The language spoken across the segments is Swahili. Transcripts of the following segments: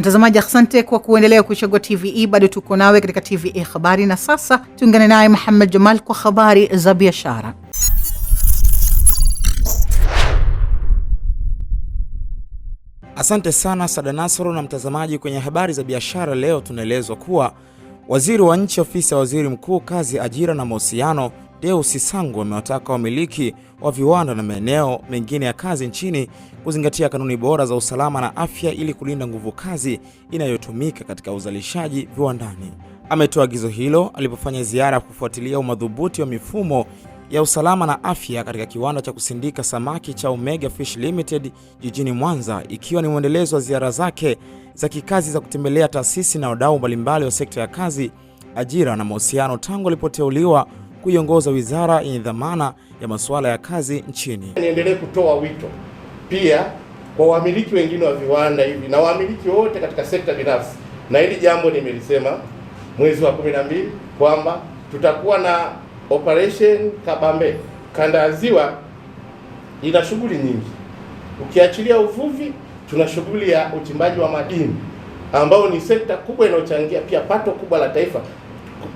Mtazamaji, asante kwa kuendelea kuchagua TVE. Bado tuko nawe katika TVE Habari, na sasa tuungane naye Muhammad Jamal kwa habari za biashara. Asante sana Sada Nasoro na mtazamaji, kwenye habari za biashara leo tunaelezwa kuwa waziri wa nchi ofisi ya waziri mkuu, kazi, ajira na mahusiano Deus Sangu amewataka wamiliki wa viwanda na maeneo mengine ya kazi nchini kuzingatia kanuni bora za usalama na afya ili kulinda nguvu kazi inayotumika katika uzalishaji viwandani. Ametoa agizo hilo alipofanya ziara ya kufuatilia umadhubuti wa mifumo ya usalama na afya katika kiwanda cha kusindika samaki cha Omega Fish Limited jijini Mwanza, ikiwa ni mwendelezo wa ziara zake za kikazi za kutembelea taasisi na wadau mbalimbali wa sekta ya kazi, ajira na mahusiano tangu alipoteuliwa kuiongoza wizara yenye dhamana ya masuala ya kazi nchini. Niendelee kutoa wito pia kwa wamiliki wengine wa viwanda hivi na wamiliki wote katika sekta binafsi, na hili jambo nimelisema mwezi wa 12 kwamba tutakuwa na operation kabambe. Kanda ya Ziwa ina shughuli nyingi, ukiachilia uvuvi, tuna shughuli ya uchimbaji wa madini ambao ni sekta kubwa inayochangia pia pato kubwa la taifa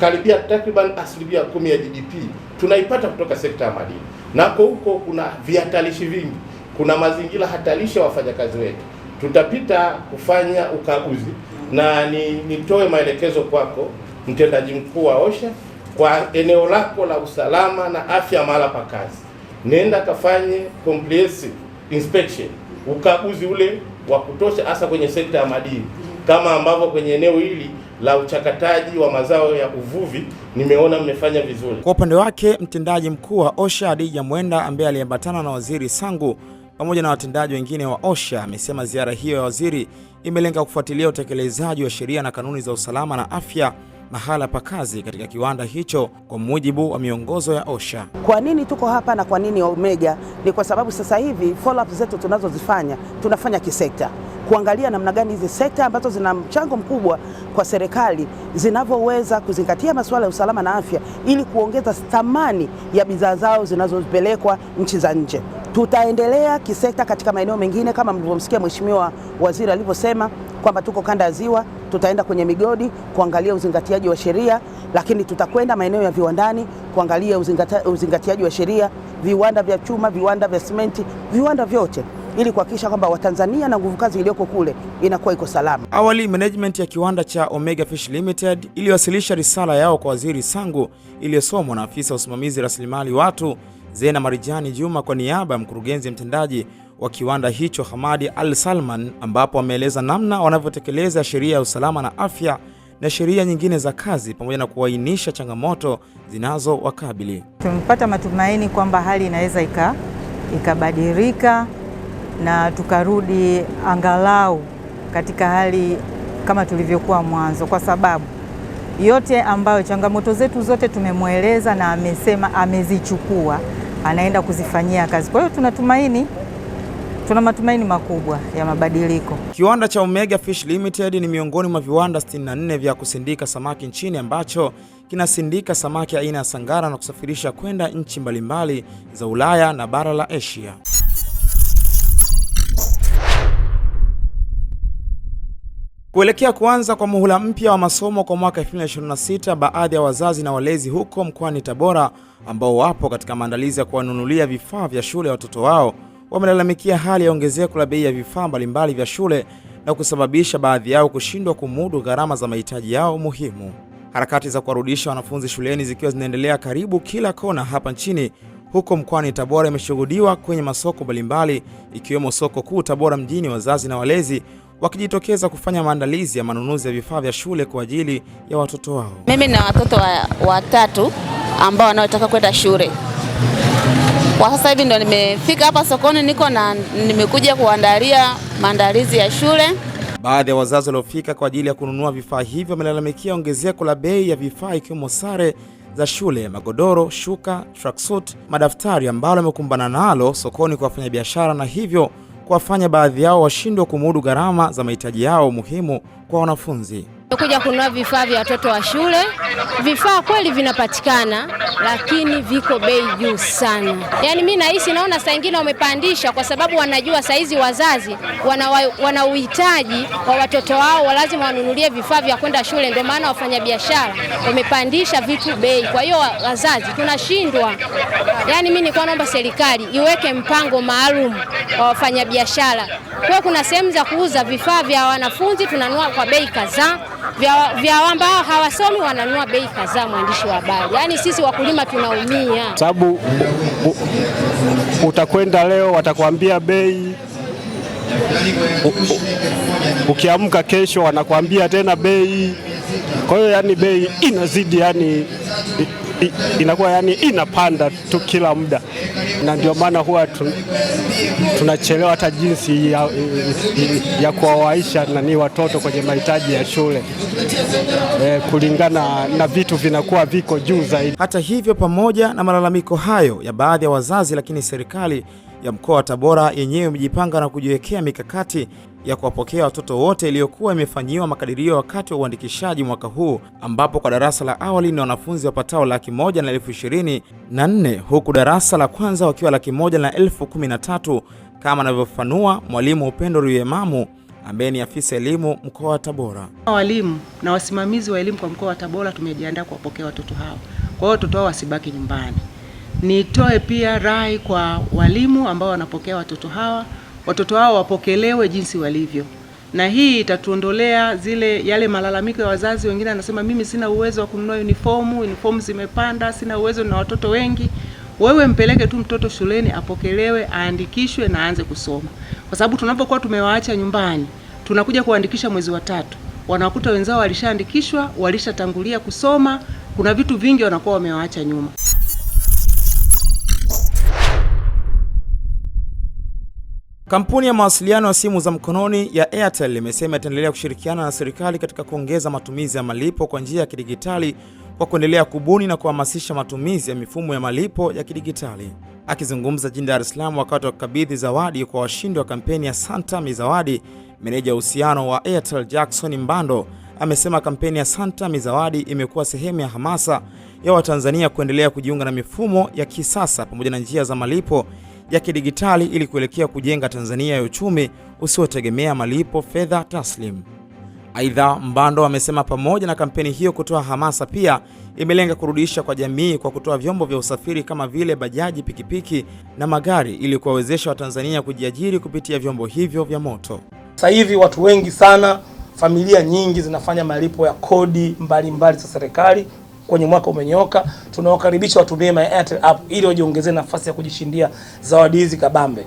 karibia takriban asilimia kumi ya GDP tunaipata kutoka sekta ya madini. Nako huko kuna vihatarishi vingi, kuna mazingira hatarishi ya wafanyakazi wetu. Tutapita kufanya ukaguzi na ni, nitoe maelekezo kwako mtendaji mkuu wa OSHA kwa eneo lako la usalama na afya mahala pa kazi, nenda kafanye comprehensive inspection, ukaguzi ule wa kutosha, hasa kwenye sekta ya madini kama ambavyo kwenye eneo hili la uchakataji wa mazao ya uvuvi nimeona mmefanya vizuri. Kwa upande wake, mtendaji mkuu wa OSHA Adija Mwenda ambaye aliambatana na Waziri Sangu pamoja na watendaji wengine wa OSHA amesema ziara hiyo ya waziri imelenga kufuatilia utekelezaji wa sheria na kanuni za usalama na afya mahala pa kazi katika kiwanda hicho, kwa mujibu wa miongozo ya OSHA. Kwa nini tuko hapa na kwa nini Omega? Ni kwa sababu sasa hivi follow up zetu tunazozifanya tunafanya kisekta kuangalia namna gani hizi sekta ambazo zina mchango mkubwa kwa serikali zinavyoweza kuzingatia masuala ya usalama na afya ili kuongeza thamani ya bidhaa zao zinazopelekwa nchi za nje. Tutaendelea kisekta katika maeneo mengine kama mlivyomsikia Mheshimiwa Waziri alivyosema kwamba tuko kanda ya Ziwa, tutaenda kwenye migodi kuangalia uzingatiaji wa sheria, lakini tutakwenda maeneo ya viwandani kuangalia uzingata, uzingatiaji wa sheria, viwanda vya chuma, viwanda vya simenti, viwanda vyote ili kuhakikisha kwamba Watanzania na nguvu kazi iliyoko kule inakuwa iko salama. Awali, management ya kiwanda cha Omega Fish Limited iliwasilisha risala yao kwa Waziri Sangu iliyosomwa na afisa usimamizi rasilimali watu Zena Marijani Juma kwa niaba ya mkurugenzi mtendaji wa kiwanda hicho Hamadi Al Salman, ambapo wameeleza namna wanavyotekeleza sheria ya usalama na afya na sheria nyingine za kazi pamoja na kuainisha changamoto zinazowakabili. Tumepata matumaini kwamba hali inaweza ikabadilika na tukarudi angalau katika hali kama tulivyokuwa mwanzo, kwa sababu yote ambayo changamoto zetu zote tumemweleza na amesema amezichukua anaenda kuzifanyia kazi. Kwa hiyo tunatumaini tuna matumaini makubwa ya mabadiliko. Kiwanda cha Omega Fish Limited ni miongoni mwa viwanda 64 vya kusindika samaki nchini ambacho kinasindika samaki aina ya sangara na kusafirisha kwenda nchi mbalimbali za Ulaya na bara la Asia. Kuelekea kuanza kwa muhula mpya wa masomo kwa mwaka 2026, baadhi ya wazazi na walezi huko mkoani Tabora ambao wapo katika maandalizi ya kuwanunulia vifaa vya shule ya watoto wao wamelalamikia hali ya ongezeko la bei ya vifaa mbalimbali vya shule na kusababisha baadhi yao kushindwa kumudu gharama za mahitaji yao muhimu. Harakati za kuwarudisha wanafunzi shuleni zikiwa zinaendelea karibu kila kona hapa nchini, huko mkoani Tabora imeshuhudiwa kwenye masoko mbalimbali ikiwemo soko kuu Tabora mjini, wazazi na walezi wakijitokeza kufanya maandalizi ya manunuzi ya vifaa vya shule kwa ajili ya watoto wao. Mimi na watoto watatu wa ambao wanaotaka kwenda shule kwa sasa hivi ndo nimefika hapa sokoni, niko na nimekuja kuandalia maandalizi ya shule. Baadhi ya wazazi waliofika kwa ajili ya kununua vifaa hivyo wamelalamikia ongezeko la bei ya vifaa ikiwemo sare za shule, magodoro, shuka, tracksuit, madaftari ambalo amekumbana nalo sokoni kwa wafanyabiashara na hivyo kuwafanya baadhi yao washindwe kumudu gharama za mahitaji yao muhimu kwa wanafunzi tumekuja kununua vifaa vya watoto wa shule. Vifaa kweli vinapatikana, lakini viko bei juu sana. Yaani mimi nahisi, naona saa ingine wamepandisha kwa sababu wanajua saizi wazazi wana, uhitaji wa watoto wao, lazima wanunulie vifaa vya kwenda shule. Ndio maana wafanyabiashara wamepandisha vitu bei. Kwa hiyo wazazi tunashindwa. Yaani mimi nilikuwa naomba serikali iweke mpango maalum wa wafanyabiashara kwa kuna sehemu za kuuza vifaa vya wanafunzi tunanua kwa bei kadhaa, vya, vya ambao hawasomi wananua bei kadhaa, mwandishi wa habari. Yaani sisi wakulima tunaumia, sababu utakwenda leo watakwambia bei ukiamka kesho wanakuambia tena bei. Kwa hiyo yani bei inazidi yani inakuwa yani inapanda tu kila muda, na ndio maana huwa tu, tunachelewa hata jinsi ya, ya kuwawaisha nani watoto kwenye mahitaji ya shule e, kulingana na vitu vinakuwa viko juu zaidi. Hata hivyo, pamoja na malalamiko hayo ya baadhi ya wazazi, lakini serikali ya mkoa wa Tabora yenyewe imejipanga na kujiwekea mikakati ya kuwapokea watoto wote iliyokuwa imefanyiwa makadirio wakati wa uandikishaji mwaka huu, ambapo kwa darasa la awali ni wanafunzi wapatao laki moja na elfu ishirini na nne huku darasa la kwanza wakiwa laki moja na elfu kumi na tatu kama anavyofafanua Mwalimu Upendo Ruyemamu ambaye ni afisa elimu mkoa wa Tabora. Walimu na wasimamizi wa elimu kwa mkoa wa Tabora tumejiandaa kuwapokea watoto hao, kwa hiyo watoto hao wasibaki nyumbani. Nitoe pia rai kwa walimu ambao wanapokea watoto hawa, watoto hawa wapokelewe jinsi walivyo, na hii itatuondolea zile yale malalamiko ya wazazi. Wengine anasema mimi sina uwezo wa kununua uniformu, uniformu zimepanda, sina uwezo na watoto wengi. Wewe mpeleke tu mtoto shuleni apokelewe, aandikishwe na aanze kusoma, kwa sababu tunapokuwa tumewaacha nyumbani, tunakuja kuandikisha mwezi wa tatu, wanakuta wenzao walishaandikishwa, walishatangulia kusoma. Kuna vitu vingi wanakuwa wamewaacha nyuma. Kampuni ya mawasiliano ya simu za mkononi ya Airtel imesema itaendelea kushirikiana na serikali katika kuongeza matumizi ya malipo kwa njia ya kidigitali kwa kuendelea kubuni na kuhamasisha matumizi ya mifumo ya malipo ya kidigitali. Akizungumza jijini Dar es Salaam wakati wa kukabidhi zawadi kwa washindi wa kampeni ya Santa Mizawadi, meneja uhusiano wa Airtel Jackson Mbando amesema kampeni ya Santa Mizawadi imekuwa sehemu ya hamasa ya Watanzania kuendelea kujiunga na mifumo ya kisasa pamoja na njia za malipo ya kidigitali ili kuelekea kujenga Tanzania ya uchumi usiotegemea malipo fedha taslim. Aidha, Mbando amesema pamoja na kampeni hiyo kutoa hamasa, pia imelenga kurudisha kwa jamii kwa kutoa vyombo vya usafiri kama vile bajaji, pikipiki na magari ili kuwawezesha Watanzania kujiajiri kupitia vyombo hivyo vya moto. Sasa hivi watu wengi sana, familia nyingi zinafanya malipo ya kodi mbalimbali za serikali kwenye mwaka umenyoka. Tunawakaribisha watumie my Airtel app ili wajiongezee nafasi ya kujishindia zawadi hizi kabambe.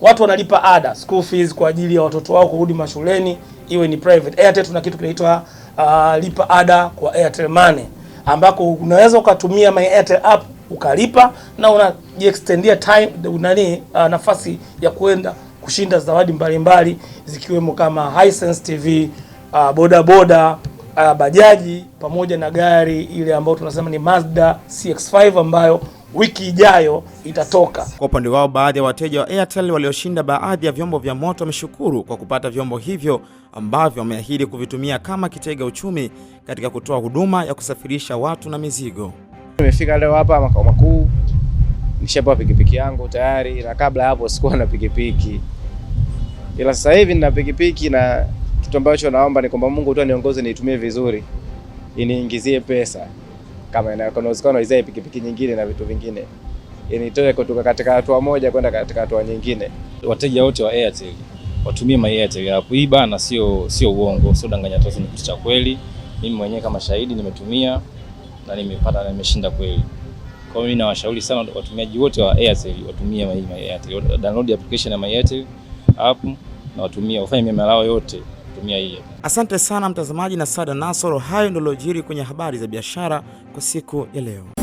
Watu wanalipa ada school fees kwa ajili ya watoto wao kurudi mashuleni, iwe ni private. Airtel tuna kitu kinaitwa uh, lipa ada kwa Airtel Money ambako unaweza ukatumia my Airtel app ukalipa na unajiextendia time unani uh, ah, nafasi ya kuenda kushinda zawadi mbalimbali zikiwemo kama Hisense TV, uh, ah, bodaboda uh, bajaji pamoja na gari ile ambayo tunasema ni Mazda CX5 ambayo wiki ijayo itatoka. Kwa upande wao, baadhi ya wateja wa Airtel walioshinda baadhi ya vyombo vya moto wameshukuru kwa kupata vyombo hivyo ambavyo wameahidi kuvitumia kama kitega uchumi katika kutoa huduma ya kusafirisha watu na mizigo. Nimefika leo hapa makao makuu, nishapewa pikipiki yangu tayari, na kabla hapo sikuwa na pikipiki, ila sasa hivi nina pikipiki na kitu ambacho naomba ni kwamba Mungu tu aniongoze niitumie vizuri, iniingizie pesa kama inawezekana, izae pikipiki nyingine na vitu vingine, initoe kutoka katika hatua moja kwenda katika hatua nyingine. Wateja wote wa Airtel watumie my Airtel hapo. Hii bana, sio sio uongo, sio danganya, ni kitu cha kweli. Mimi mwenyewe kama shahidi nimetumia na nimepata na nimeshinda kweli. Kwa hiyo mimi nawashauri sana watumiaji wote wa Airtel watumie my Airtel, download application ya my Airtel app na watumie, wafanye miamala yao yote kutumia hii. Asante sana mtazamaji na Sada Nasoro, hayo ndio yaliyojiri kwenye habari za biashara kwa siku ya leo.